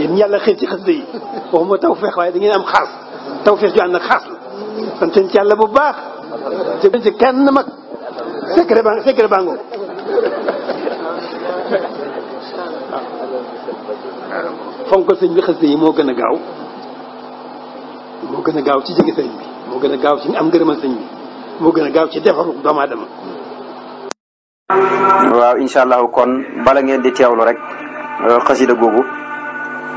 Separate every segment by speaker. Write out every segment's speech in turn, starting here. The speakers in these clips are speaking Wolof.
Speaker 1: yéen yàlla xëy ci xasida yi waxuma tawfeex waaye da ngeen am xaas tawfeex ju ànd ak xaas la santen ci yàlla bu baax jëen ci kenn mag secret baa secret sëñ bi xasida yi moo gën a gaaw moo gën a gaaw ci jege sëñ bi moo gën a gaaw ci am ngërëmal sëñ bi moo gën a gaaw ci defaru doomu aadama waaw incha allahu kon bala ngeen di teewlu rek xasida googu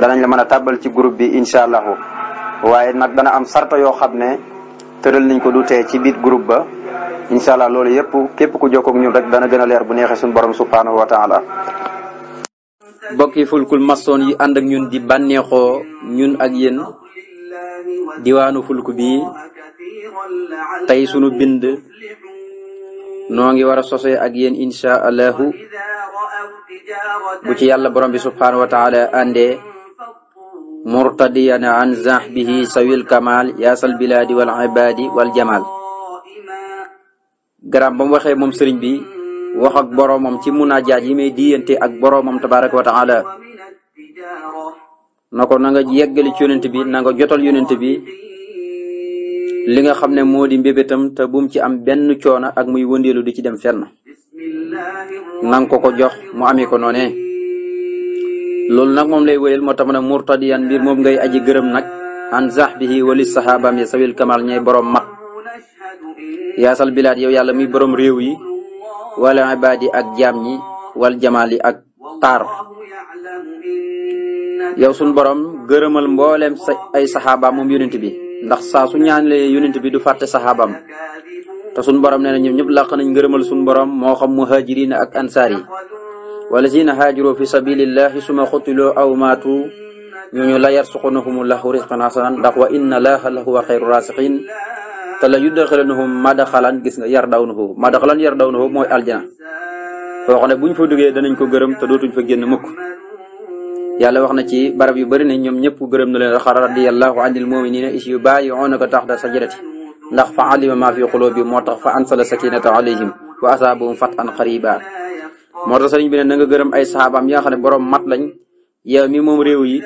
Speaker 1: danañ la mën a tàbbal ci groupe bi incha allahu waaye nag dana am sarta yoo xam ne tëral nañ ko du tee ci biir groupe ba incha allah loolu yëpp képp ku jokkoog ñun rek dana gën leer bu neexee suñu borom subhanahu wa taala mbokk yi fulkul masoon yi ànd ak ñun di bànneexoo ñun ak yéen diwaanu fulku bi tey sunu bind noo ngi war a sosee ak yéen incha allahu bu ci yàlla borom bi subhaanahu wa taala àndee murtadiyan an zahbihi sawil kamal yaasal bilaadi wal ibadi wal jamal garaam ba mu waxee moom sëriñ bi wax ak boroomam ci munaajaat yi may diyante ak boroomam tabaraka wa taala na nanga na nga ci yonent bi na jotol jotal bi li nga xam ne moo di mbébétam te bum ci am benn coona ak muy wëndeelu di ci dem fenn nang ko ko jox mu amee ko noonee loolu nag moom lay wéyal moo tax ma ne murtadiyan mbir moom ngay aji gërëm nag an zahbihi wali sahabaam ya sawil kamal ñay borom mat yaasal bilaat yow yàlla mi borom réew yi wala ibaadi ak jaam ñi wal jamaal yi ak taar yow sun borom gërëmal mbooleem sa ay saxaabaam moom yonent bi ndax saa su ñaanlee yonent bi du fàtte saxaabaam te sunu borom nee na ñoom ñëpp làq nañ ngërëmal sunu borom moo xam muhaajiriina ak ansaar yi wallazina haajaru fi sabilillahi suma xutiloo aw maatu ñooñu la yarsuqunahum lahu risqan hasanan ndax wa inna laaha lahuwa xayru raasiqin te la yuddaxilannahum madaxalan gis nga yar daw na foofu madaxalan yar daw na foofu mooy aljana foo xam ne buñ fa duggee danañ ko gërëm ta dootuñ fa génn mukk yàlla wax na ci barab yu bëri ñoom ñëpp gërëm na leen xara radiyallahu anil muminina is yu bàyyi oonaka taxta sajarati ndax fa alima fi xuloo bi moo tax fa ansala sakinata alayhim wa asaabahum fatan xariba moo ta sëriñ bi ne na nga gërëm ay saxaabaam yi nga xam ne borom mat lañ yow mi moom réew yi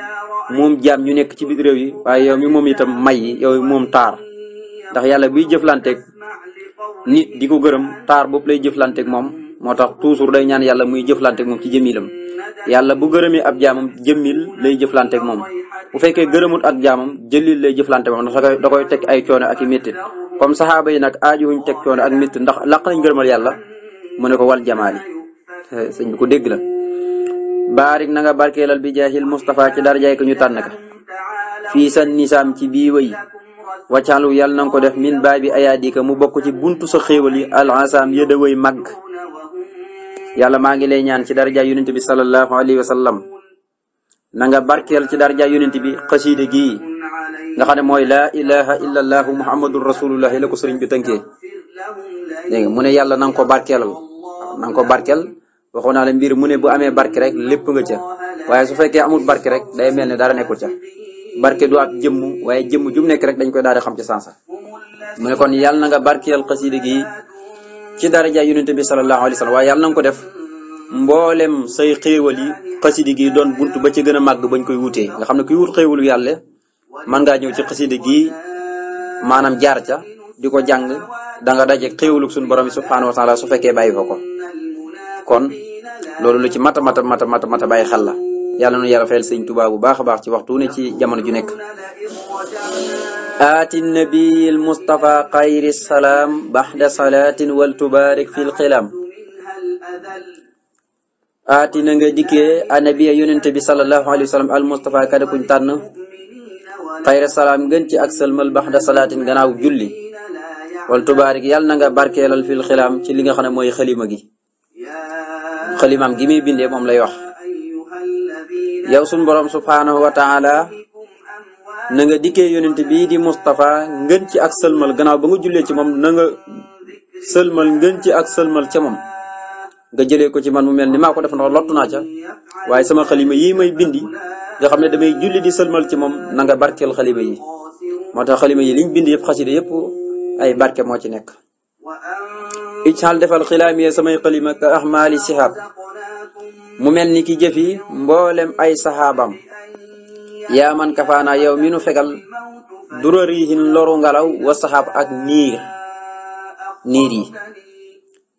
Speaker 1: moom jaam ñu nekk ci biir réew yi waaye yow mi moom itam may yi yow moom taar ndax yàlla buy jëflanteeg nit di ko gërëm taar boobu lay jëflanteeg moom moo tax toujours day ñaan yàlla muy jëflanteeg moom ci jëmilam yàlla bu gërëmee ab jaamam jëmmil lay jëflanteeg moom bu fekkee gërëmut ak jaamam jëlil lay jëflante moom ndax da koy da koy teg ay ak i comme saxaaba yi nag aajuwuñ teg coono ak métti ndax laq nañ gërëmal yàlla mu ne ko wal jamaali sëñ ko dégg la baarik na nga barkeelal bi jaahil Moustapha ci darajaay ko ñu tànn ka fii san nisaam ci bii wëy waccalu yàlla na ko def min baay bi ayaadika mu bokk ci buntu sa xéewal yi alansaam yëda wëy màgg yàlla maa ngi lay ñaan ci darajaay yonent bi sallallahu alayhi wa sallam na nga barkeel ci darja yonent bi xasiida gii nga xam ne mooy la ilaha illa allaahu muhammadun rasulullahi la ko sëriñ bi tënkee dégg nga mu ne yàlla na ko barkeelal na nga ko barkeel waxoon naa la mbir mu bu amee barke rek lépp nga ca waaye su fekkee amul barke rek day mel ne dara nekkul ca barke du ak jëmm waaye jëmm jum nekk rek dañ koy daal di xam ca sansa mu ne kon yàlla na nga barkeel xasiida gii ci darja yonent bi sallallahu alayhi wa sallam waaye yàlla na nga ko def mboolem say xéewal yi xasida gi doon bunt ba ci gën a màgg bañ koy wutee nga xam ne kuy wut xéewalu yàlla mën ngaa ñëw ci xasida gi maanaam jaar ca di ko jàng da nga daje xéewalu suñu borom yi subhaanahu wa taala su fekkee bàyyi fa ko kon loolu lu ci mata mata mata mata mata bàyyi xel la yàlla nu yàlla fayal bu baax a baax ci waxtu ne ci jamono ju nekk aati nabiyi almustafa xayri salaam baxda salaatin wal tubaarik fi lxilaam aati na nga dikkee anabiya bi sallallahu alayhi wa sallam al Mustafa kada kuñ tànn xayra salaam gën ci ak sëlmal baxda salaatin gannaaw julli wal tubaarik yàlla nanga nga barkeelal fil xilaam ci li nga xam ne mooy xalima gi xalimaam gi muy bindee moom lay wax yow suñ boroom subhaanahu wa taala na nga dikkee yonent bi di Mustafa ngën ci ak sëlmal ganaaw ba nga jullee ci moom nanga nga sëlmal ngën ci ak sëlmal ca moom nga jëlee ko ci man mu mel ni maa def ndax lottu naa ca waaye sama xalima yi may bindi nga xam ne damay julli di sëlmal ci moom nanga nga barkeel xalima yi moo tax xalima yi liñ bind yëpp xasida yëpp ay barke moo ci nekk ijxal defal xilaamiye samay xalima ka ahmaali sihab mu mel ni ki jëfi mboolem ay saxaabam yaa man kafaana yow mi nu fegal durarihin loru ngalaw wa saxaab ak niir niir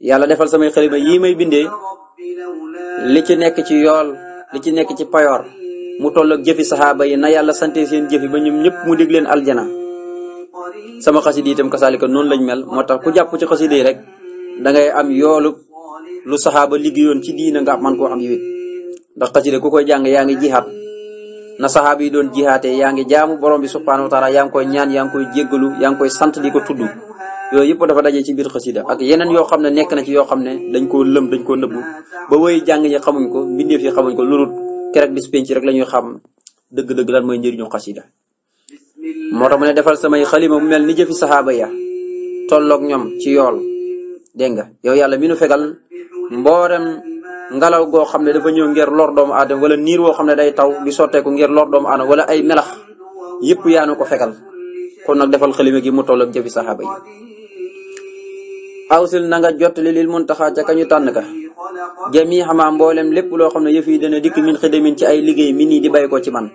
Speaker 1: yàlla defal samay xalima yii may bindee li ci nekk ci yool li ci nekk ci payoor mu tolloog jëfi saxaaba yi na yàlla sante seen jëfi ba ñoom ñëpp mu dig leen aljana sama xasida itam kasaalika noonu lañ mel moo tax ku jàpp ci xasida yi rek da ngay am yoolu lu saxaaba liggéeyoon ci diina nga man koo am yiwit ndax xasida ku koy jàng yaa ngi jihaat na saxaaba yi doon jihaatee yaa ngi jaamu borom bi subhanahu wa taala yaa ngi koy ñaan yaa ngi koy koy sant di ko tudd yooyu yëpp dafa dajee ci biir xasida ak yeneen yoo xam ne nekk na ci yoo xam ne dañ koo lëm dañ ko nëbbu ba woy jàng ñi xamuñ ko mbindeef yi xamuñ ko lurut kerek bis penc rek la ñuy xam dëgg-dëgg lan mooy njëriñu xasida moo tax mu ne defal samay xalima mu mel ni jëfi saxaaba ya tolloog ñoom ci yool dégg nga yow yàlla mi nu fegal mboolem ngelaw goo xam ne dafa ñëw ngeer lor doomu aadama wala niir woo xam ne day taw di sotteeku ngir lor doomu aadama wala ay melax yëpp yaa nu ko fegal kon nag defal xalima gi mu tolloog jëfi saxaaba yi awsil na nga jottali lil muntaxaa ca kañu tànn ka jami xamaa mboolem lépp loo xam ne yëf yi dana dikk min xidamin ci ay liggéey mi nii di bay ci man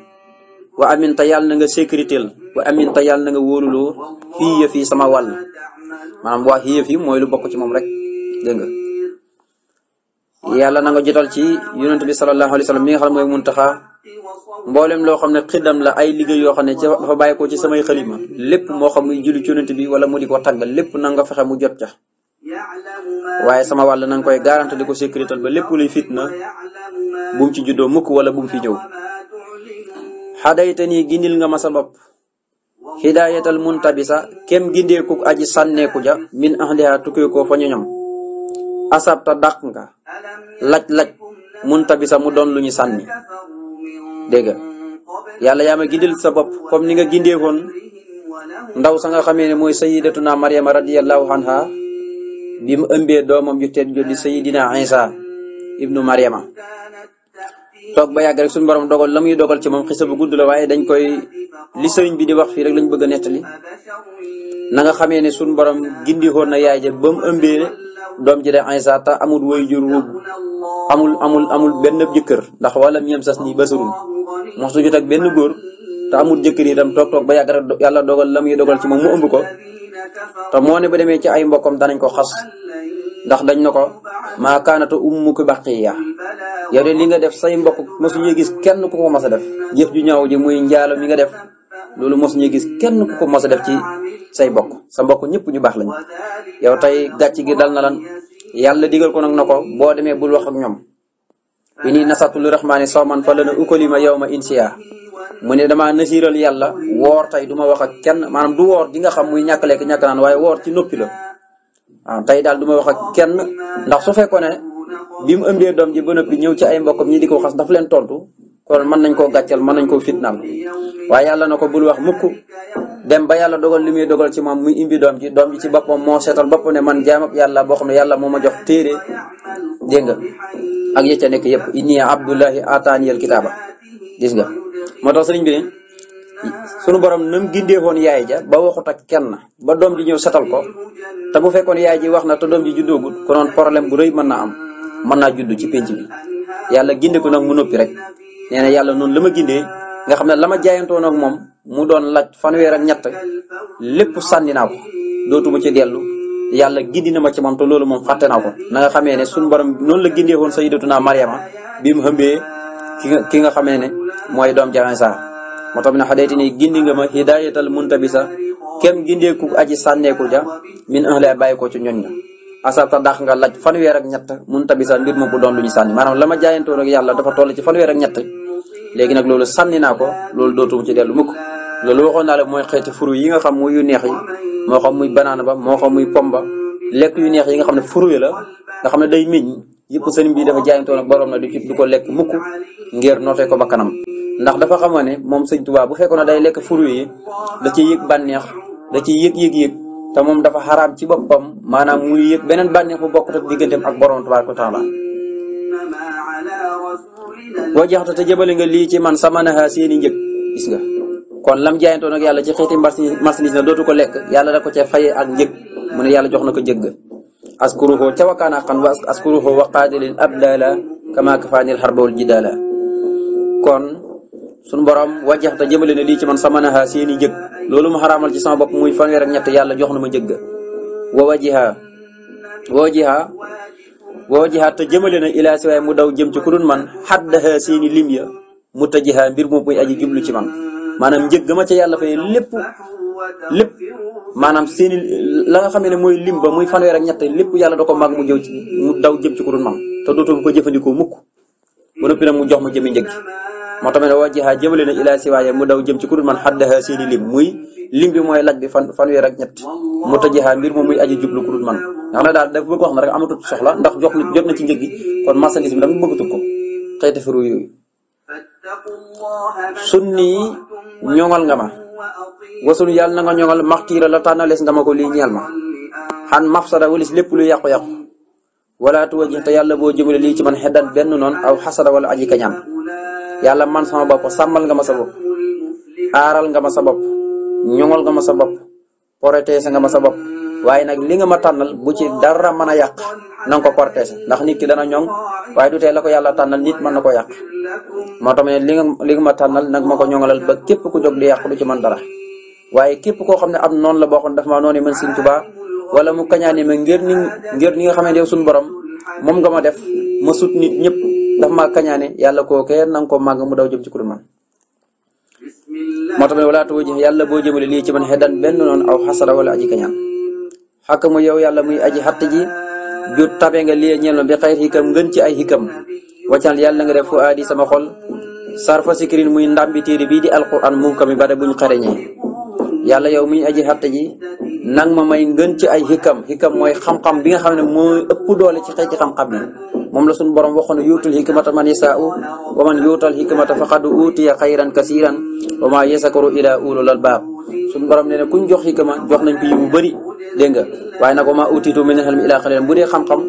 Speaker 1: wa amin ta yàlla na nga sécuritél wa amin ta yàlla na nga wóoluloo fii yëf yi sama wàll maanaam waa fii mooy lu bokk ci moom rek dégg nga na nga jotal ci yonent bi sallallahu alayhi wa sallam mi nga xam ne mooy muntaxaa mboolem loo xam ne xidam la ay liggéey yoo xam ne dafa bàyyi ko ci samay xalima lépp moo xam muy julli ci yonent bi wala mu di ko tàggal lépp nanga fexe mu jot ca waaye sama wàll na koy garanti di ko sécurité ba lépp luy fitna bu ci juddoo mukk wala bu mu fi ñëw. xadayta nii gindil nga ma sa bopp. hidaayatal muntabisa kem gindeeku aji sànneeku ja min ahliha tukkeekoo fa ñu ñam asabta dàq nga laj-laj muntabisa mu doon lu ñu sànni dégg yàlla yaa ma gindil sa bopp comme ni nga gindeekoon ndaw sa nga xamee ne mooy sayyidatuna maryama radiyallahu anha bi mu ëmbee doomam ju tedd jo di sayidina Isa ibnu Mariama toog ba yàgg rek suñu borom dogal la muy dogal ci moom xisa bu gudd la waaye dañ koy li sëriñ bi di wax fii rek lañ bëgg a nettali nanga xamee ne suñu borom gindixoon na yaay ja ba mu ëmbee doom ji de ta amul way jur wu amul amul benn jëkkër ndax wala miyam sas nii basarun mosu jot ak benn góor te amul jëkkër itam toog toog ba yàgg rek yàlla dogal la muy dogal ci moom mu ëmb ko te moo ne bu demee ci ay mbokkam danañ ko xas ndax dañ na ko maa kaanata ummuki baqiya yow de li nga def say mbokk mosu ñuy gis kenn ku ko mas a def jëf ju ñaaw ji muy njaalo mi nga def loolu mosu ñuy gis kenn ku ko mas a def ci say mbokk sa mbokk ñëpp ñu baax lañ yow tey gàcc gi dal na lan yàlla digal ko nag na ko boo demee bul wax ak ñoom ini nasatul rahmaani sooman fa lana ukalima yawma insiya mu ne damaa nasiiral yàlla woor tey du ma wax ak kenn maanaam du woor di nga xam muy ñàkk lekk ñàkk naan waaye woor ci noppi la waaw ah, tey daal duma ma wax ak kenn ndax su fekkoon ne bi mu ëmbee doom ji ba noppi ñëw ci ay mbokkam ñi di ko xas daf leen tontu kon mën nañ koo gàcceel mën nañ koo fitnaal waaye yàlla na ko bul wax mukk dem ba yàlla dogal li muy dogal ci maam muy imbi doom ji doom ji ci boppam moo seetal boppam ne man jaam ak yàlla boo xam ne yàlla moo ma jox téere dégg nga ak yëcca nekk yëpp inni abdullahi ataaniyal kitaaba gis nga moo tax sëriñ bi sunu borom nam gindeewoon yaay ja ba waxut ak kenn ba doom ji ñëw setal ko te bu fekkoon yaay ji wax na te doom ji juddoogul konoon problème bu rëy mën naa am mën naa judd ci pénc bi yàlla ginde ko nag mu noppi rek nee nga xam ne la ma jaayantoon ak moom mu doon laaj fanweer ak ñett lépp sànni naa ko dootuma ci dellu yàlla gindi na ma ci moom te loolu moom fàtte naa ko na xamee ne suñu borom noonu la gindee woon sayyidatuna Mariama bi mu xëmbee ki nga ki nga xamee ne mooy doom jaxen saa moo tax mi ne xadeeti ni gindi nga ma hidayatal muntabisa kenn gindeeku aji ja min un lay ko ci ñoñ ña asabta dàq nga laaj fanweer ak ñett muntabisa mbir ma bu doon lu ñu sànni maanaam la ma jaayantoon ak yàlla dafa toll léegi nag loolu sànni naa ko loolu dootuma ci dellu mukk loolu waxoon naa la mooy xeeti furu yi nga xam muy yu neex yi moo xam muy banaana ba moo xam muy pomba lekk yu neex yi nga xam ne furu la nga xam ne day meññ yëpp sëriñ bi dafa jaayantoon ak borom na du ci du ko lekk mukk ngir nootee ko kanam ndax dafa xamoon ne moom sëñ Tuubaa bu fekkoon ne day lekk furu yi da ciy yëg bànneex da ciy yëg yëg yëg te moom dafa xaram ci boppam maanaam muy yëg beneen bànneex bu bokkut ak digganteem ak borom tabaaraka taala wa jaxta te jëbale nga lii ci man sama naxaa seeni njëg gis nga kon lam jaayantoon ak yàlla ci xeeti marchandise na dootu ko lekk yàlla da ko ca faye ak njëg mu ne yàlla jox na ko njëg askuruhu ca wakaan xaqan wa askuruhu wa qaadilin abdala kama kafaanil ji jidala kon sunu borom wajaxta jëmale na lii ci man sama naxaa seeni njëg loolu mu xaraamal ci sama bopp muy fanweer ak ñett yàlla jox na ma njëg wa wajiha wa wajiha woo jihaat te jëmale na ilaa si waaye mu daw jëm ci ku dul man xaddaha seeni lim ya mu tajiha mbir moom muy aji jublu ci man maanaam njëg ma yàlla fay lépp lépp maanaam seeni la nga xam ne mooy lim ba muy fanweer ak ñett lépp yàlla da ko màgg mu jëw ci mu daw jëm ci ku dul man te dootuma ko jëfandikoo mukk ba noppi mu jox ma jëmi njëg moo tamit wajjaha jëmale na ilaa siwaaya mu daw jëm ci kudul man xaddaha seeni lim muy mooy laaj bi fan fanweer ak ñett mu tajaha mbir moom muy aji jublu kudul man nga xam ne daal dafa bëgg wax na rek amatut soxla ndax jox na jot na ci njëg gi kon marchandise bi da nga bëggatut ko xeeti furu yooyu sunni nga ma wasunu yàlla na nga ñoŋal maxtiira la tànnalees nga ma ko lii ñeel ma xan mafsada walis lépp lu yàqu-yàqu wala tuwajjih te yàlla boo jëmale lii ci man xeddan benn noon aw xasada wala aji kañaan yàlla man sama bopp sàmmal nga ma sa bopp aaral nga ma sa bopp ñoŋal nga ma sa bopp protéger nga ma sa bopp waaye nag li nga ma tànnal bu ci dara mën a yàq na nga ko protéger dax nit ki dana ñoŋ waaye du tee ko yàlla tànnal nit man na ko yàq moo tax ma li ma tànnal nag ma ko ñoŋalal ba képp ku jóg di yàq du ci man dara waaye képp koo xam ne am noonu la boo xam ne dafa maa noonu mën Sëriñ Tuubaa wala mu kañaane ma ngir ni ngir ni nga xam ne yow suñu borom moom nga ma def ma sut nit ndax maa kañaane yàlla kookee na nga ko màgg mu daw jëm ci kuréel man moo tax ma ne wala tawajjih yàlla boo jëmale lii ci man xeddan benn noonu aw xasara wala aji kañaan xàkk mu yow yàlla muy aji xatt ji ju tabe nga lii ñeel ma bi xayr xikam ci ay xikam wàccal yàlla nga def fu aadi sama xol sarfa sikirin muy ndàmbi téere bii di alquran mu kami bare buñ xareñee yàlla yow miñ aji xatt ji nang ma may ngën ci ay xikam xikam mooy xam-xam bi nga xam ne mooy ëpp doole ci xeeti xam-xam yi moom la suñu borom waxoon yuutul hikmata man yasaau wa man yuutal hikmata faqad uutiya xayran kasiran wa maa yasakaru ila ulul albaab suñu borom nee na kuñ jox hikma jox nañ ko yi mu bëri dégg nga waaye nag wa maa uutiitu min al-ilmi ila qaliil bu dee xam-xam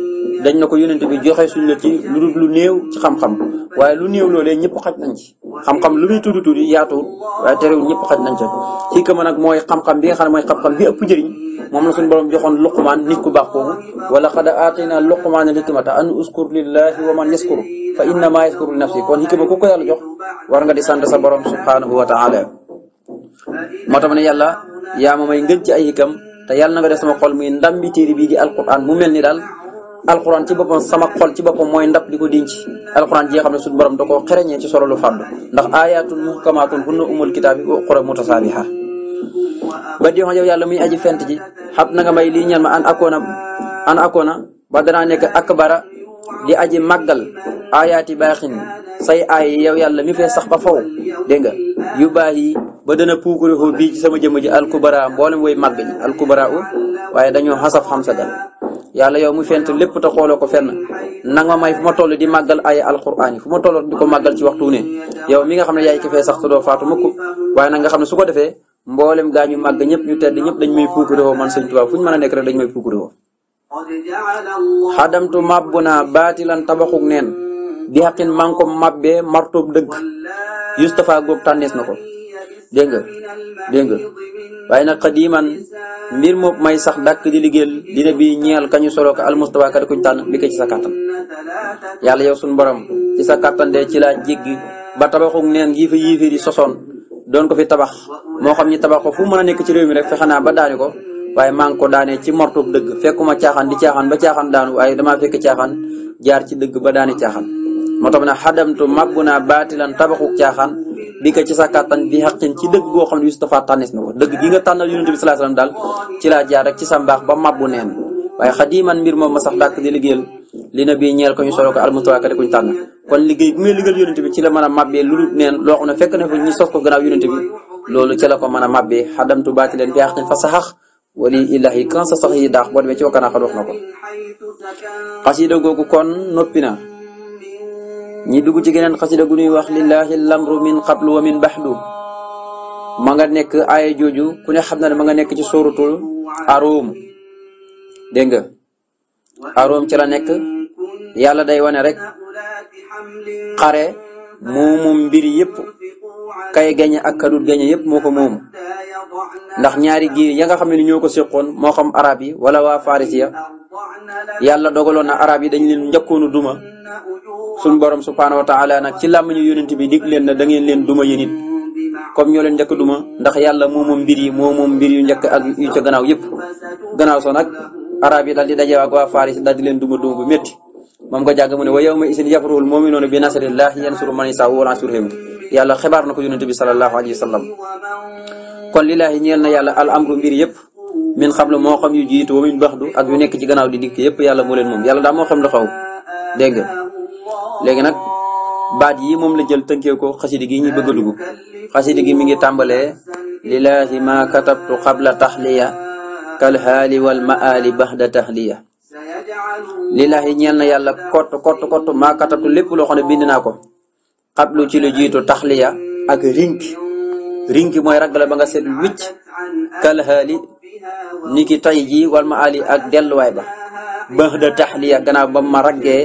Speaker 1: dañ na ko yónente bi joxe suñ la ci lu dul lu néew ci xam-xam waaye lu néew loolee ñëpp xaj nañ ci xam-xam lu muy tudd tudd yaatuwul waaye terewul ñëpp xaj nañ ca hikma nag mooy xam-xam bi a xam ne mooy xam-xam ëpp njëriñ moom la suñu borom joxoon luqmaan nit ku baax kooku wala xad aatayna luqmaana hikmata an uskur lillahi wa man yaskuru fa innama yaskuru li nafsi kon hikma ku ko yàlla jox war nga di sant sa borom subhanahu wa taala moo tax ne yàlla yaa ma may ngën ci ay hikam te yàlla na nga def sama xol muy ndam bi téere bii di alquran mu mel ni daal al alquran ci boppam sama xol ci boppam mooy ndax di ko denc alquran ji nga xam ne suñu borom da koo xereñee ci solo lu fàddu ndax ayatun muhkamatun hunna umul kitaabi wa uxra mutasaabiha ba di yow yàlla muy aji fent ji xab na nga may lii ñeel ma an akoona an akoona ba danaa nekk ak akbara di aj màggal ayaati baaxin say ay yow yàlla mi fee sax ba faw dégg nga yu baax yi ba dana puukure xoo bii ci sama jëmm ji alkubara mboolem way màgg ji alkubara u waaye dañoo xasaf xam sa gan yàlla yow mu fent lépp ta xooloo ko fenn na nga may fu ma toll di màggal ay alquraan yi fu ma toll di ko màggal ci waxtu ne yow mi nga xam ne yaay ko fee sax te doo faatu mukk waaye nag nga xam ne su ko defee mboolem gaa ñu màgg ñëpp ñu tedd ñëpp dañ may puukurewoo man sëñ Tuubaa fu ñu mën a nekk rek dañ may puukurewoo xadamtu màbbu naa baatilan tabaxuk neen bi xaqin man ko màbbee martoob dëgg Yustafa góob tànnees na ko dégg nga dégg nga waaye nag xadiman mbir moom may sax dàkk di liggéeyal dina bi ñeel kañu solo ko almustafa kadi kuñ tànn bi ci sa kàttan yàlla yow suñu borom ci sa kàttan de ci laa jéggi ba tabaxuk neen gi fa sosoon doon ko fi tabax moo xam ñi tabax ko fu mën a nekk ci réew mi rek fexe naa ba daani ko waaye maa ngi ko daane ci mortub dëgg fekkuma caaxaan di caaxaan ba caaxaan daanu waaye damaa fekk caaxaan jaar ci dëgg ba daani caaxaan moo tax na xadam tu màbbu naa baatilan tabaxu caaxaan bi ko ci sa kàttan bi xaqin ci dëgg goo xam ne Yusufa tànnis na ko dëgg gi nga tànnal yonent bi salaa salaam daal ci laa jaar rek ci sa mbaax ba màbbu neen waaye xadiman mbir moom ma sax dàkk di liggéeyal li na bii ñeel ko ñu solo ko almutawaka di kuñ tànn kon liggéey bi muy liggéeyal yonente bi ci la man a màbbee lu dul neen loo xam fekk na fa ñi sos ko gannaaw yonente bi loolu ci la ko mën a màbbee tu baati leen bi xaqin fa saxax wali illahi kan sa sax yi daax boo demee ci wakkanaa xal wax na ko xasida googu kon noppi na ñi dugg ci geneen xasida gu nuy wax lillahi lamru min qablu wa min baxdu ma nga nekk aaya jooju ku ne xam na ne ma nga nekk ci sóoratul aroom dégg nga ci la nekk yàlla day wane rek xare moomu mbir yëpp kay gañe ak kadut gañe yëpp moo ko moom ndax ñaari giir ya nga xam ne ñoo ko séqoon moo xam arab yi wala waa faris ya yàlla dogaloon arab yi dañ leen njëkkoonu duma suñ borom subhaanahu wa taala nag ci làmmiñu yonent bi dig leen na da ngeen leen duma yéen it comme ñoo leen ndax yàlla moo moom mbir yi moo moom mbir yu njëkk ak yu ca gannaaw yëpp nag arab yi daal di dajewaak waa faris daal di leen duma duma bu metti moom nga jàgg mu ne wa yawma isin yafrahul mu'minuuna bi nasrillahi yansuru man na ko yonente bi sallallahu alayhi wa sallam kon lillaahi ñeel na yàlla al amru yëpp min xam la moo xam yu jiitu wa min ak nekk ci gannaaw di dikk yëpp yàlla moo leen moom yàlla daa moo xam la xaw dégg nag baat yi moom la jël tënkee ko xasidi gi ñuy bëgg a dugg mi ngi tàmbalee lillaahi ma katabtu qabla taxliya kal haali wal maali baxda taxliya lillaahi ñeel na yàlla kott kott kott maa katabtu lépp loo xam ne bind naa ko xablu ci lu jiitu taxliya ak rink rink mooy ragal ba nga seet wicc kalhaali ki tay ji wal ma ali ak delluwaay ba baax da taxliya gannaaw ba ma raggee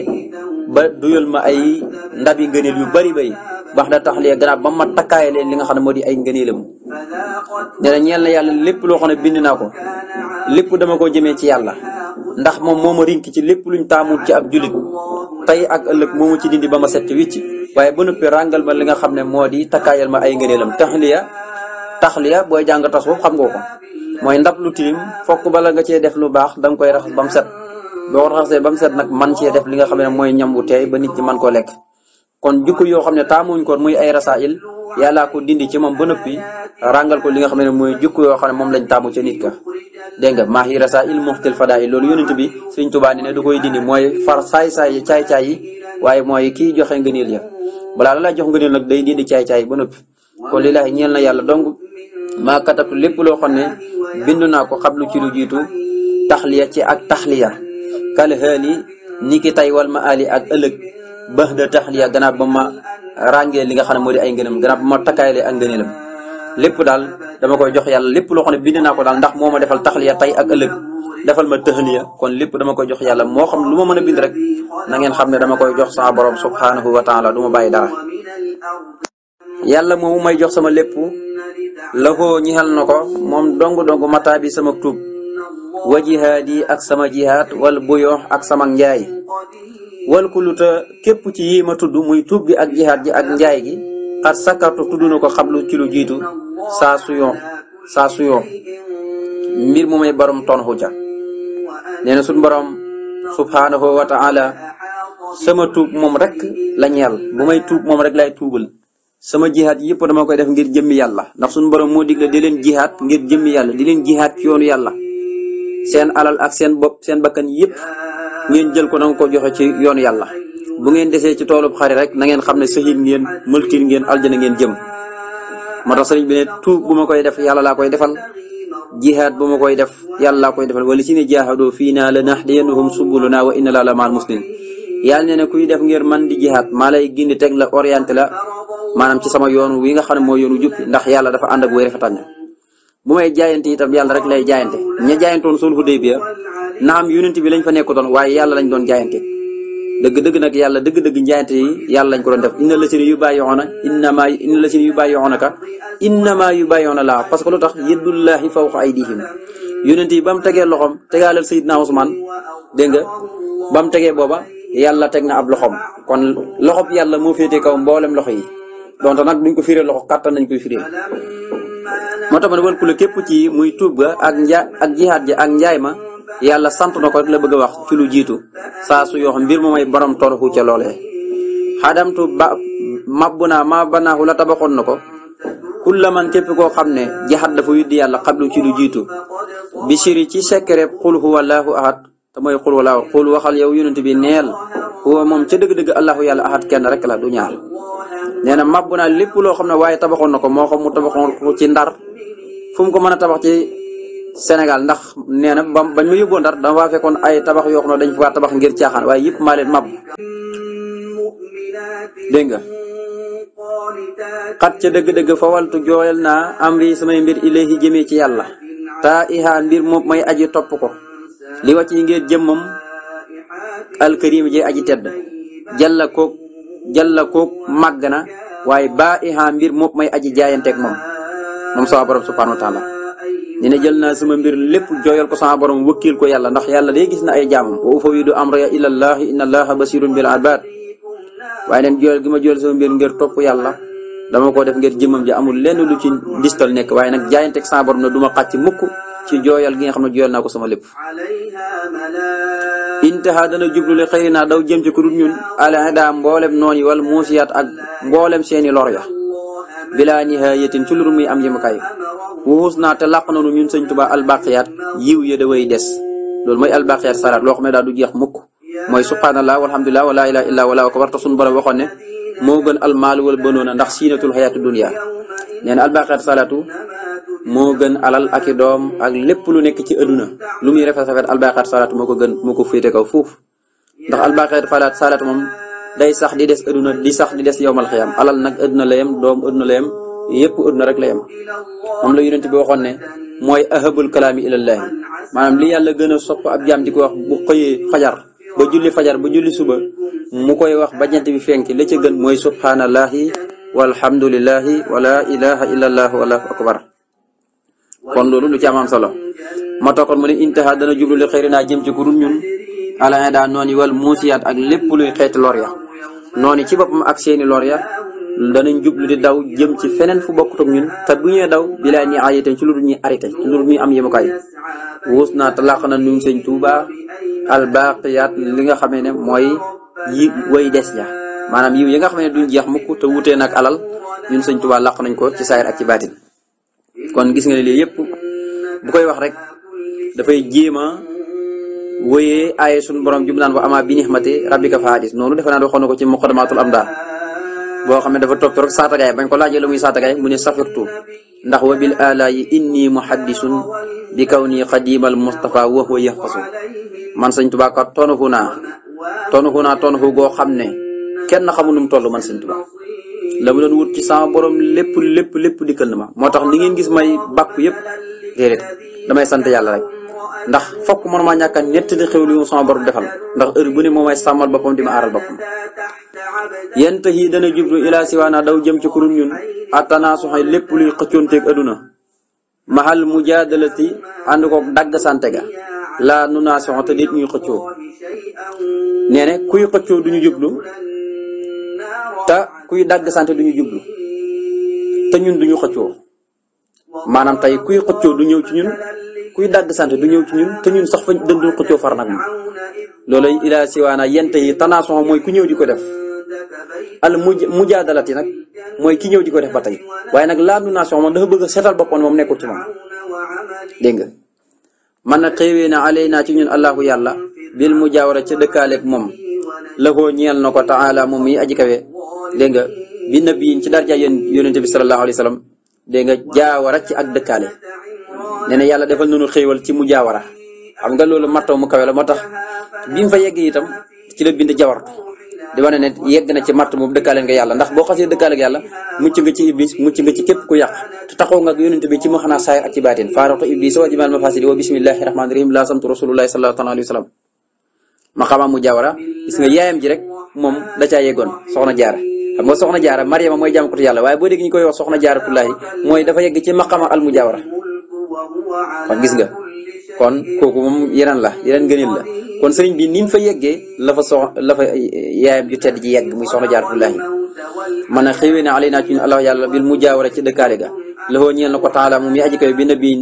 Speaker 1: ba duyal ma ay ndabi ngëneel yu bari bay baax da taxliya gannaaw ba ma takkaaye leen li nga xam ne moo di ay ngëneelam nee na ñeel na yàlla lépp loo xam ne bind naa ko lépp dama ko jëmee ci yàlla ndax moom moo ma rink ci lépp lu ñu taamul ci ab julit tey ak ëllëg moo ci dindi ba ma set wicc waaye ba noppi ràngal ma li nga xam ne moo di takkaayal ma ay ngëneelam taxliya taxliya booy jàng tas boobu xam nga ko mooy ndab lu tilim fokk bala nga cee def lu baax danga koy raxas ba mu set boo ko raxasee ba mu set nag man cee def li nga xam ne mooy ñam wu teey ba nit ñi man koo lekk kon jukko yoo xam ne taamuñ ko muy ay rasail yàllaa ko dindi ci moom ba noppi ràngal ko li nga xam ne mooy jukko yoo xam ne moom lañ taamu ca nit ka dégg nga maa hi rasail muxtil fadail loolu yonent bi Sëriñ Tuubaa ne du koy dindi mooy far saay-saay caay-caay waaye mooy kii joxe ngëneel ya balaa la lay jox ngëneel nag day dindi caay-caay ba noppi kon lillaahi ñeel na yàlla donc maa katabtu lépp loo xam ne bind naa ko xablu ci lu jiitu taxliya ci ak taxliya kal haali ni ki tay wal bëx da taxliya gannaaw ba ma ràññee li nga xam ne moo di ay ngënam gannaaw ba ma takkaayalee ak ngëneelam lépp daal dama koy jox yàlla lépp loo xam ne bind naa ko daal ndax moo defal taxliya tey ak ëllëg defal ma taxliya kon lépp dama koy jox yàlla moo xam lu ma mën a bind rek na ngeen xam ne dama koy jox sama borom subhanahu wa taala du ma bàyyi dara yàlla moomu may jox sama lépp la ko ñixal na ko moom dong dong mataa bi sama tuub wa jihaad yi ak sama jihaad wal buyoox ak sama njaay wal kullu te képp ci yii tudd muy tuub bi ak jihaad ji ak njaay gi xat sakkartu tudd na ko xablu ci lu jiitu saa suyon saa suyon mbir mu may borom ton xuja nee na suñ borom subhaanahu wa taala sama tuub moom rek la ñeel bu may tuub moom rek lay tuubal sama jihaad yëpp dama koy def ngir jëmmi yàlla ndax suñu borom moo digle di leen jihaad ngir jëmmi yàlla di leen jihaad yoonu yàlla seen alal ak seen bopp seen yëpp ngeen jël ko na nga ko joxe ci yoonu yàlla bu ngeen desee ci toolub xare rek na ngeen xam ne sahil ngeen mëltil ngeen aljana ngeen jëm ma tax sëriñ bi ne tuub bu ma koy def yàlla laa koy defal jihaad bu ma koy def yàlla laa koy defal wala si ne jaahadoo fii naa la nahdiyannahum subuluna wa inna laa la maal muslimin yàlla nee na kuy def ngir man di jihaad maa lay gindi teg la orienté la maanaam ci sama yoon wi nga xam ne mooy yoonu jub ndax yàlla dafa ànd ak way rafetal bu may jaayante itam yàlla rek lay jaayante ña jaayantoon sulhu Hudaybiya naam yonent bi lañ fa nekk doon waaye yàlla lañ doon jaayante dëgg-dëgg nag yàlla dëgg-dëgg njaayante yi yàlla lañ ko doon def inna la seen yu bàyyoona innama inna la seen yu bàyyoona ka innama yu bàyyoona laa parce que lu tax yëddullahi fawqa aydihim yonent yi ba mu tegee loxoom tegaalal sayidna Usmaan dégg nga ba mu tegee booba yàlla teg na ab loxoom kon loxob yàlla moo féetee kaw mboolem loxo yi donte nag duñ ko firee loxo kàttan nañ koy firee moo tax ma wal kula képp ci muy tuub ga ak njaa ak jihaat ji ak njaay ma yàlla sant na ko rek la bëgg wax ci lu jiitu saa su yoo mbir mu may borom toroxu ca loolee xadamtu ba mabbu naa ma banaahu a tabaxoon na ko kulla man képp koo xam ne jaxat dafa widdi yàlla xablu ci lu jiitu bisiri ci sekkereb xul huwa allahu ahad te mooy xul walaaw xul waxal yow yonent bi neel huwa moom ca dëgg-dëgg allahu yàlla ahad kenn rek la du ñaar nee na mabbu loo xam ne waaye tabaxoon na ko moo xam mu tabaxoon ko ci ndar fu ko mën a tabax Sénégal ndax nee na ba bañ mu yóbboo Ndar dama faa fekkoon ay tabax yoo xam ne dañ fa tabax ngir caaxaan waaye yëpp maa leen mab dégg nga xat ca dëgg-dëgg fa waltu jooyal naa amri samay mbir ilayhi jëmee ci yàlla taa ihaa mbir moom may aji topp ko li wàcc yi ngir jëmmam alkarim ji aji tedd jalla koog jalla koog màgg na waaye baa ihaa mbir moom may aji jaayanteeg moom moom sama borom subhanahu nee na jël naa sama mbir lépp joyal ko sama borom wëkkil ko yàlla ndax yàlla day gis na ay jaamam wa ufawidu amraya ila allah inna allaha basirun bil abad waaye neen jooyal gi ma jooyal sama mbir ngir topp yàlla dama ko def ngir jëmmam ja amul lenn lu ci distal nekk waaye nag jaayanteeg sama borom ne du ma xàcc mukk ci jooyal gi nga xam ne jooyal na ko sama lépp intaha dana jublu li xëyri naa daw jëm ci ku dul ñun ala daa mboolem noon wala muusiyaat ak mboolem seeni lor ya bilaa nihaayatin ci lu muy am yemukaay wuus naa te làq nanu ñun sëñ Tuubaa albaqiyaat yiw ya da way des loolu mooy albaqiyaat salaat loo xam ne daal du jeex mukk mooy subhaanallah walhamdulilah wala ilaha illa wala akbar te suñu borom waxoon ne moo gën almaal wal banoona ndax siinatul xayaatu dunia nee na albaqiyaat salaatu moo gën alal ak i doom ak lépp lu nekk ci adduna lu muy rafet rafet albaqiyaat salaatu moo ko gën moo ko féete kaw fuuf salaat moom day sax di des adduna di sax di des yowmal xiyam alal nag adduna la doom adduna la yem yëpp adduna rek la yem moom la yonent bi waxoon ne mooy ahabul kalaami ilallaahi maanam li yàlla gën a sopp ab jaam di ko wax bu xëyee fajar ba julli fajar ba julli suba mu koy wax ba ñett bi fenk la ca gën mooy subhaanallaahi walhamdulillahi wala ilaha illallah wallahu akbar kon loolu lu ci am am solo moo tax kon mu ne intaha dana jublu li xëyri naa jëm ci ku dul ñun ala daa noon yi wal muusiyaat ak lépp luy xeeti lor noonu ci boppam ak seeni lor ya danañ jublu di daw jëm ci feneen fu bokk ak ñun te bu ñuy daw bilaa ñuy aayatan ci lu dul ñuy arrêté ci lu dul ñuy am yemukaay wuus naa te làq na nuñ sëñ Tuuba yaat li nga xamee ne mooy yi way des ya maanaam yiw yi nga xam ne duñ jeex mukk te wutee nag alal ñu sëñ Tuubaa làq nañ ko ci saayir ak ci baatin kon gis nga ne lii yëpp bu koy wax rek dafay jéema wéyee aaye suñu borom jum naan wa ama bi nixmati rabbika fa hadis noonu defe naa waxoon na ko ci muqaddamatul am daa boo xam ne dafa toog rek saatagaay bañ ko laajee la muy saatagaay mu ne safirtu ndax wa bil alaayi inni muhaddisun bi kaw nii xadimal Mustafa wa huwa yaxfasu man sëñ Tuubaa kat tonuxu naa tonuxu naa tonuxu goo xam ne kenn xamu nu mu toll man sëñ Tuubaa la mu doon wut ci sama borom lépp lépp lépp dikkal na ma moo tax ni ngeen gis may bàkku yépp déedéet damay sant yàlla rek. ndax fokk man maa ñàkk a nettali xew li mu sama borom defal ndax heure bu ne moo may sàmmal boppam di ma aaral boppam yent yi dana jublu ilaa siwaana daw jëm ci kurun ñun attanasuxay lépp luy xëccoonteeg aduna mahal mujadalati ànd ko dagg sante ga laa nu nation te dit ñuy xëccoo nee ne kuy xëccoo duñu jublu te kuy dagg sante duñu jublu te ñun duñu xëccoo maanaam tey kuy xëccoo du ñëw ci ñun kuy dagg sant du ñëw ci ñun te ñun sax fa dëndul xëccoo far nag moom loolu ila siwaana yente yi tanaason mooy ku ñëw di ko def al muj mujaadalati nag mooy ki ñëw di ko def ba tey waaye nag laam nation moom dafa bëgg a seetal boppam moom nekkul ci moom dégg nga man na xéewee na alay naa ci ñun allahu yàlla bil mujaawara ca dëkkaaleeg moom lahoo ñeel na ko taala moom mi aj kawe dégg nga bi nabiyin ci darja yonente bi sallallahu alayhi wa sallam dégg nga jaawara ci ak dëkkaale nee na yàlla defal nañu xéewal ci mu jaawara xam nga loolu martoo mu kawe moo tax bi mu fa yegg itam ci la bind jawartu di wane ne yegg na ci mart moom dëkkaaleen nga boo xasee dëkkaaleeg ku yàq ta taxoo nga yonent bi ci ma xanaa saayir ak ci baatin faaraqu iblis wa jimal mafasidi wa bismillahi rahmani rahim laa samtu rasulullahi wa sallam ma xamaa mu nga yaayam ji rek moom da yeggoon soxna jaara xam nga soxna jaara mariama mooy jaamkatu yàlla waaye boo dégg ñu koy soxna jaaratullahi mooy dafa yegg ci maqama al mujaawara wax gis nga kon kooku moom yeneen la yeneen gënil la kon sëriñ bi ni fa yeggee la fa sox la fa yaayam ju tedd ji yegg muy soxna jaaratullaahi man a xéwee na alay na ci ñun allah yàlla bil mujaawara ci dëkkaale ga lafoo ñeel na ko taala moom mi aji bi nabiin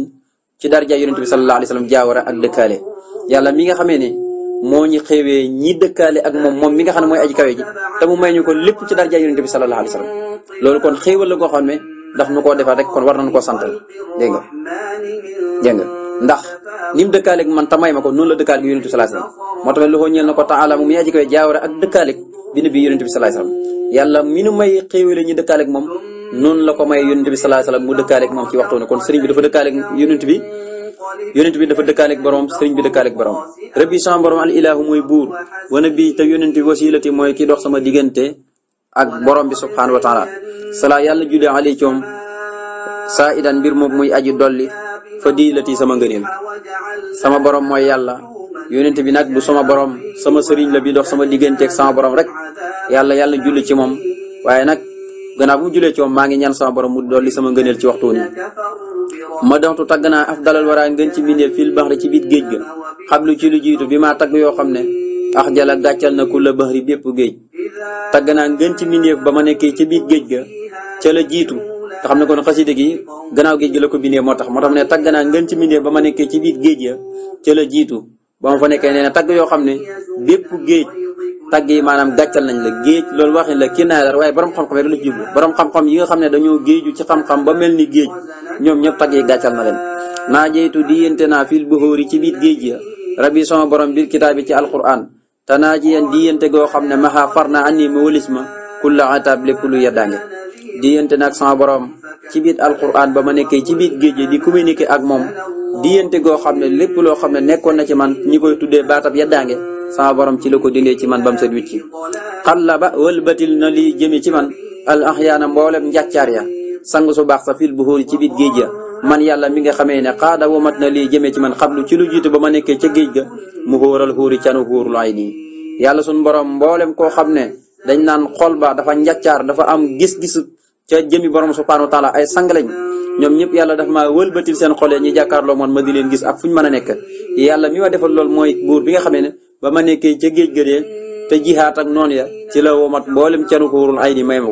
Speaker 1: ci darja yonente bi sallallahu alayhi wasallam jaawara ak dëkkaale yàlla mi nga xamee ne moo ñu xéwee ñi dëkkaale ak moom moom mi nga xam ne mooy aji kawe ji te mu may ñu ko lépp ci darja yonente bi sallallahu alayhi wasallam loolu kon xéewal la goo xam daf nu koo defal rek kon war nañu koo santal dégg nga dégg nga ndax ni mu man tamay ma ko noonu la dëkkaaleeg yonent bi sallallahu alayhi wasallam moo na ko taala mu mi nu may xéewale ñu dëkkaaleeg moom noonu la ko may yonent bi sallallahu alayhi wasallam mu dëkkaaleeg moom ci waxtu ne kon sëriñ bi dafa dëkkaaleeg yonent bi yonent bi dafa dëkkaaleeg borom sëriñ bi dëkkaaleeg borom rabbi sama borom al ilahu mooy buur wana bi te yonent wasilati mooy ki dox sama diggante ak borom bi subhaanahu wa taala salaa yàlla na julli aleykum sa idan mbir moom muy aji dolli fa di diilati sama ngëneel sama borom mooy yàlla yonent bi nag du sama borom sama sëriñ la bi dox sama digganteeg sama borom rek yàlla yàlla julli ci moom waaye nag gannaaw bu mu jullee ci moom maa ngi ñaan sama borom mu dolli sama ngëneel ci waxtu wu nii ma doxtu tagg naa afdalal waraa ngën ci mbindeef fil baxri ci biir géej ga xablu lu jiitu bi maa tagg yoo xam ne ax jala gàccal na ku la baxri bépp géej tagg naa ngën ci mbindeef ba ma nekkee ci biir géej ga ca la jiitu nga xam ne kon xaside gi gannaaw géej gi la ko bindee moo tax moo tax mu ne tagg naa ngën ci ba ma nekkee ci biir géej ga ca la jiitu ba nekkee nee na tagg yoo xam ne bépp géej tagg yi maanaam gàccal nañ la géej loolu waxin la kii naa dara waaye borom xam-xam rek la jublu borom xam-xam yi nga xam ne dañoo géeju ci xam-xam ba mel ni géej ñoom ñëpp tagg yi gàccal na leen naa di diyante naa fil buxóori ci biir géej ya rabi sama borom biir kitaab bi ci alquran tanaajiyan diyante goo xam ne maxa far na anni ma wëlis ma kulla atab lépp lu yeddaange diyante nag sama borom ci biir alquran ba ma nekkee ci biir géej di communiquer ak moom diyante goo xam ne lépp loo xam ne nekkoon na ci man ñi koy tuddee baatab yeddaange sama borom ci la ko dindee ci man ba mu set wicc xalla ba wëlbatil na li jëme ci man al axyaana mboolem njàccaar ya sang su baax sa fil bu xóori ci biir géej ya man yàlla mi nga xamee ne xaada womat na lii jëmee ci man xablu ci lu jiit ba ma nekkee ca géej ga mu xóoral xuuri canu xuurul ay nii yàlla suñ borom mboolem koo xam ne dañ naan xol ba dafa njaccaar dafa am gis-gis ca jëmi borom subhanahu wa taala ay sang lañ ñoom ñëpp yàlla dafa maa wëlbatil seen xol ya ñi jàkkaarloo man ma di leen gis ak fu ñu mën a nekk yàlla mi ma defal loolu mooy buur bi nga xamee ne ba ma nekkee ca géej ga te jihaat ak noonu ya ci la womat mboolem canu xuurul ay nii may ma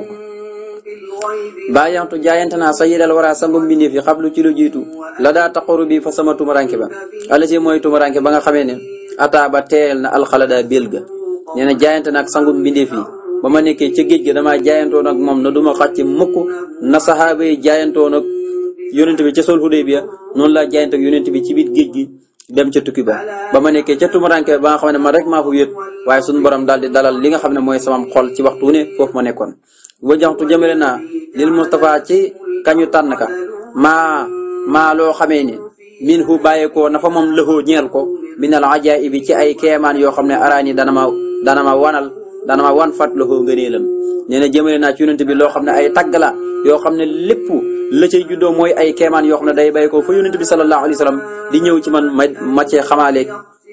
Speaker 1: bàyyantu jaayante naa sayidal wara samba mbindeef yi xablu ci lu jiitu la daa taqaru bi fa sama tumuranke ba alasi mooy tumuranke ba nga xamee ne ataa ba teeyal na alxalada bél ga nee na jaayante naag sangu mbindeef yi ba ma nekkee ca géej ga damaa jaayantoon ak moom na duma ma xàcc mukk na saxaaba yi jaayantoon ak yonent bi ca sol Hudaybiya noonu laa jaayante ak yonent bi ci biir géej gi dem ca tukki ba ba ma nekkee ca tumuranke ba nga xam ne ma rek maa fa wéet waaye suñu borom daal di dalal li nga xam ne mooy sama xol ci waxtu ne foofu ma nekkoon wajaxtu jëmale naa lil Moustapha ci kañu tànn ka maa loo xamee ni min hu bàyyeekoo na fa moom lëxoo ñeel ko minal ajaa'ibi ci ay keemaan yo xam ne araani dana ma dana ma wanal dana ma wan fat lëxoo ngëneelam nee na jëmale naa ci yonent bi loo xam ne ay tagg la xam ne lépp la cay juddoo ay keemaan yoo xam ne day bàyyeekoo fa yonent bi sallallahu alayhi wa di ñëw ci man ma ma cee xamaale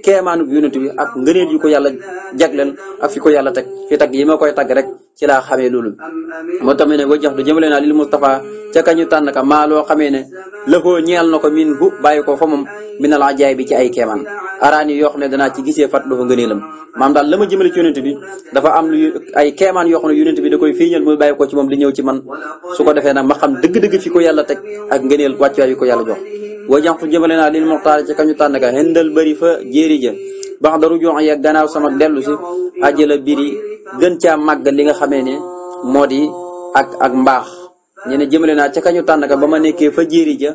Speaker 1: keemaanu yonent bi ak ngëneel yu ko yàlla jagleel ak fi ko yàlla teg fi tagg yi ma koy tagg rek ci laa xamee loolu moo tamit ne wajjax du jëmale naa lil Mustafa ca kañu tànn ka maa loo xamee ne lëkoo ñeel na ko min bu bàyyi ko fa moom minal ajaay bi ci ay keemaan araani yoo xam ne danaa ci gisee fat dafa ngëneelam maam daal la ma jëmale ci yonent bi dafa am lu ay keemaan yoo xam ne yonent bi da koy fiiñal muy bàyyi ko ci moom di ñëw ci man su ko defee nag ma xam dëgg-dëgg fi ko yàlla teg ak wajantu jëmale naa lil muxtaar ci kañu tànn ka xëndal bëri fa jéeri ja bax daru jox ya gannaaw sama dellu si ajala biri gën caa màgg li nga xamee ne moo di ak ak mbaax ñu ne jëmale naa ca kañu tànn ka ba ma nekkee fa jéeri ja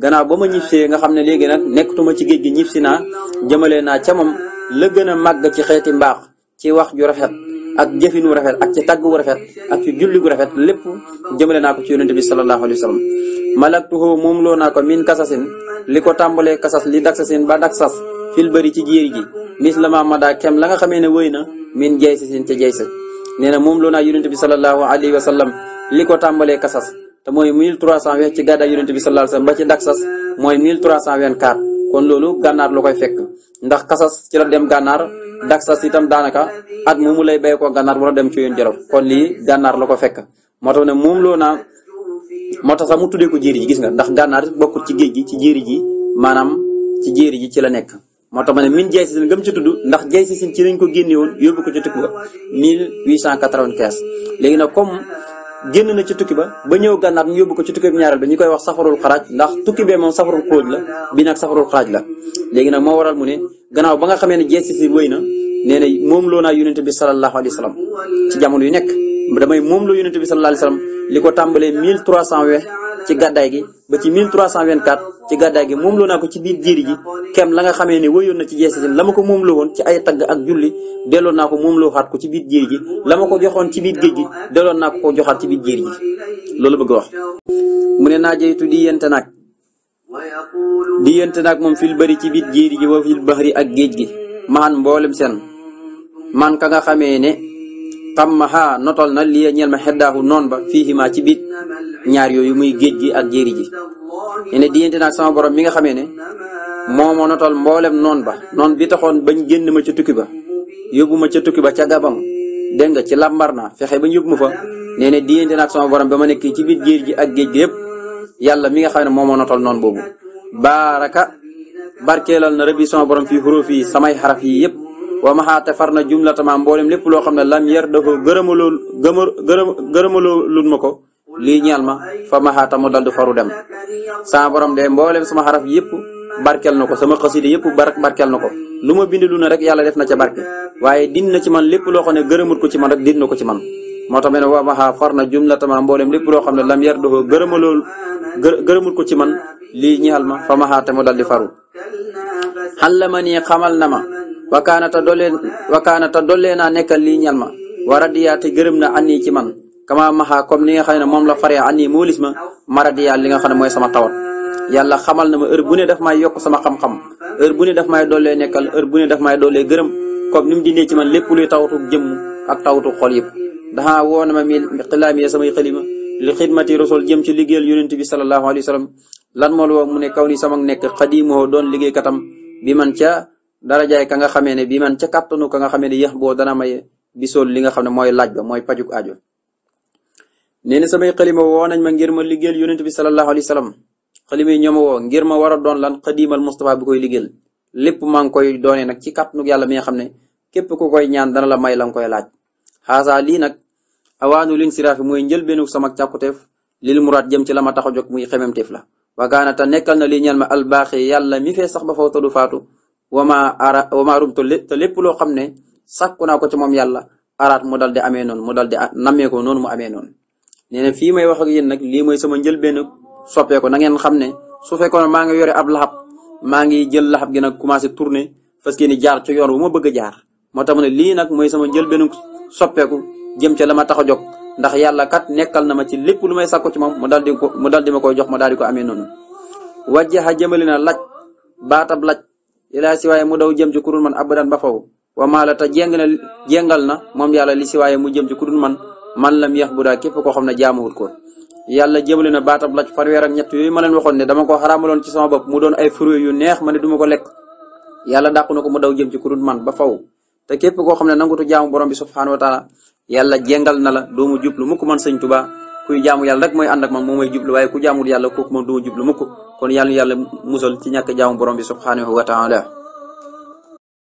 Speaker 1: gannaaw ba ma ñibsee nga xam ne léegi nag nekkatuma ci géej gi ñibsi naa jëmale naa ca moom la gën a màgg ci xeeti mbaax ci wax ju rafet ak jëfin wu rafet ak ci tàgg wu rafet ak ci julli gu rafet lépp jëmale naa ko ci yonente bi sallallahu alayhi wa sallam malaktuhu moom loo ko min kasasin li ko tàmbalee kasas li daksasin ba daksas fil bëri ci jiir gi mis la ma mada kem la nga xamee ne wëy na min jaysasin ca jaysa nee na moom loo naa yonente bi sallallahu alayhi wa sallam li ko tàmbalee kasas te mooy 1320 ci gàddaay yonente bi sallallahu alayhi wa sallam ba ci daksas mooy 1324 kon loolu gànnaar lu koy fekk ndax kasas ci la dem daksas itam daanaka at mu mu lay béy ko gànnaar wala dem ci yoon jolof kon lii gànnaar la ko fekk moo tax ne moom loo naa moo tax sax mu tuddee ko jéeri ji gis nga ndax gànnaar bokkul ci géej gi ci jéeri ji maanaam ci jéeri ci la nekk moo tax ma ne min jay si sin gëm ci tudd ndax jay si sin ci lañ ko génne woon yóbbu ko ci tukk ba 1895 léegi nag comme génn na ci tukki ba ba ñëw gànnaar ñu yóbbu ko ci tukki bi ñaareel bi ñu koy wax safarul xaraaj ndax tukki bee moom safarul xóoj la bi nag safarul xaraaj la léegi nag moo waral mu ne gannaaw ba nga xamee ne jeesi si wéy na nee moom loo naa yonente bi sallallahu alayhi wa sallam ci jamono yu nekk damay moom la yonent bi sallallahu alayhi wasallam li ko tàmbalee mille trois cent vingt ci gàddaay gi ba ci ci gàddaay gi moom loo naa ko ci biir jiiri ji kem la nga xamee ne wéyoon na ci jeesitin la ma ko moom loo woon ci ay tagg ak julli delloo naa ko moom loo ko ci biir jiiri ji la ma ko joxoon ci biir géej gi delloo naa ko ko joxaat ci biir jiiri ji loolu bëgg wax mu ne naa jeytu di yente nag di yente nag moom fil bari ci biir jiiri ji wa fil bahri ak géej gi maan mboolem tammaha notal na li ñeel ma xeddaahu noon ba fiihima ci biit ñaar yooyu muy géej gi ak jéeri ji ne ne diggante naa sama borom mi nga xamee ne moo ma notal mboolem noon ba noon bi taxoon bañ génn ma ca tukki ba yóbbu ma ca tukki ba ca gabam dégg nga ci làmbar naa fexe bañ yóbbu ma fa nee ne diggante naa sama borom ba ma nekk ci biit géej gi ak géej gi yëpp yàlla mi nga xam ne moo ma notal noon boobu baaraka barkeelal na rëbbi sama borom fii xuróof yi samay xa yi yëpp wa maxaate far na jumlatama mboolem lépp loo xam ne lam yar dafa gërëmaloo gërëm gërëmaloo lun ma ko lii ñeel ma fa maxaata mu dal di faru dem sama borom de mboolem sama xaraf yëpp barkel na ko sama xasida yëpp bar barkel na ko lu ma bind lu ne rek yàlla def na ca barke waaye din na ci man lépp loo xam ne gërëmut ko ci man rek din na ko ci man moo tax ma ne wa maxaa far na jumlatama mboolem lépp loo xam ne lam yar dafa gërëmaloo gërëmut ko ci man lii ñeel ma fa maxaate mu dal di faru wakaana ta dolle wakaana ta dolle naa nekkal lii ñal ma wa radiya te gërëm na annii ci man kama maxaa comme ni nga xam ne moom la faree annii moolis ma ma radiya li nga xam ne mooy sama tawat yàlla xamal na ma heure bu ne daf may yokk sama xam-xam heure bu ne daf may dolle nekkal heure bu ne daf may dolle gërëm comme ni mu ci man lépp luy tawatu jëmm ak tawatu xol yëpp daxaa woo na ma mi xilaami samay xalima li xidmati rasul jëm ci liggéeyal yonent bi sallallahu alayhi wa sallam lan moo la woo mu ne kaw ni sama nekk xadiimoo doon liggéey katam bi man ca darajaay ka nga xamee ne bii man ca kàttanu ka nga xamee ne yéex boo dana may bisool li nga xam ne mooy laaj ba mooy pajuk aajo nee na samay xalima woo nañ ma ngir ma liggéeyal yonent bi sallallahu alayhi wa sallam xalima yi ñoo ma woo ngir ma war a doon lan xadiimal Mustafa bu koy liggéeyal lépp maa ngi koy doonee nag ci kàttanu yàlla mi nga xam ne képp ku koy ñaan dana la may la nga koy laaj xasaa lii nag awaanu lin siraafi mooy njëlbeenu sama càkkuteef lil muraat jëm ci la ma tax a jóg muy la wakaana te nekkal na lii ñeel yàlla mi fee ba faw faatu wama ara wama rum loo xam ne sàkku naa ko ci moom yàlla araat mu dal di amee noonu mu dal di nammee ko noonu mu amee noonu nee fii may wax ak yéen nag lii mooy sama njëlbéen ak soppeeku na ngeen xam ne su fekkoon maa ngi yore ab laxab maa ngi jël laxab gi nak commencé tourner parce que ni jaar ci yoon bu bëgg a jaar moo tax ma ne lii nag mooy sama njëlbéenu soppeeku jëm ca la ma tax a jóg ndax yàlla kat nekkal na ma ci lépp lu may sàkku ci moom mu dal di ko mu dal di ma koy jox ma daal di ko amee noonu wàjjaxa jëmale na laaj ilaa siwaaye mu daw jëm ci kudul man abadan ba faw wa maa la te jéng na na moom yàlla li siwaaye mu jëm ci kudul man man lam yax bu daal képp koo xam ne jaamuwut ko yàlla jëmale na baatab laj fanweer ak ñett yooyu ma leen waxoon ne dama ko xaraamaloon ci sama bopp mu doon ay fruits yu neex ma ne duma ko lekk yàlla dàqu na ko mu daw jëm ci kudul man ba faw te képp koo xam ne nangutu jaamu borom bi subhaanahu wa taala yàlla jéngal na la doomu jublu mukk man sëñ Tuubaa kuy jaamu yàlla rek mooy ànd ak man moo may jublu waaye ku jaamul yàlla kooku moom du ma jublu mukk kon yàlla yàlla musal ci ñàkk jaamu borom bi subhanahu wa taala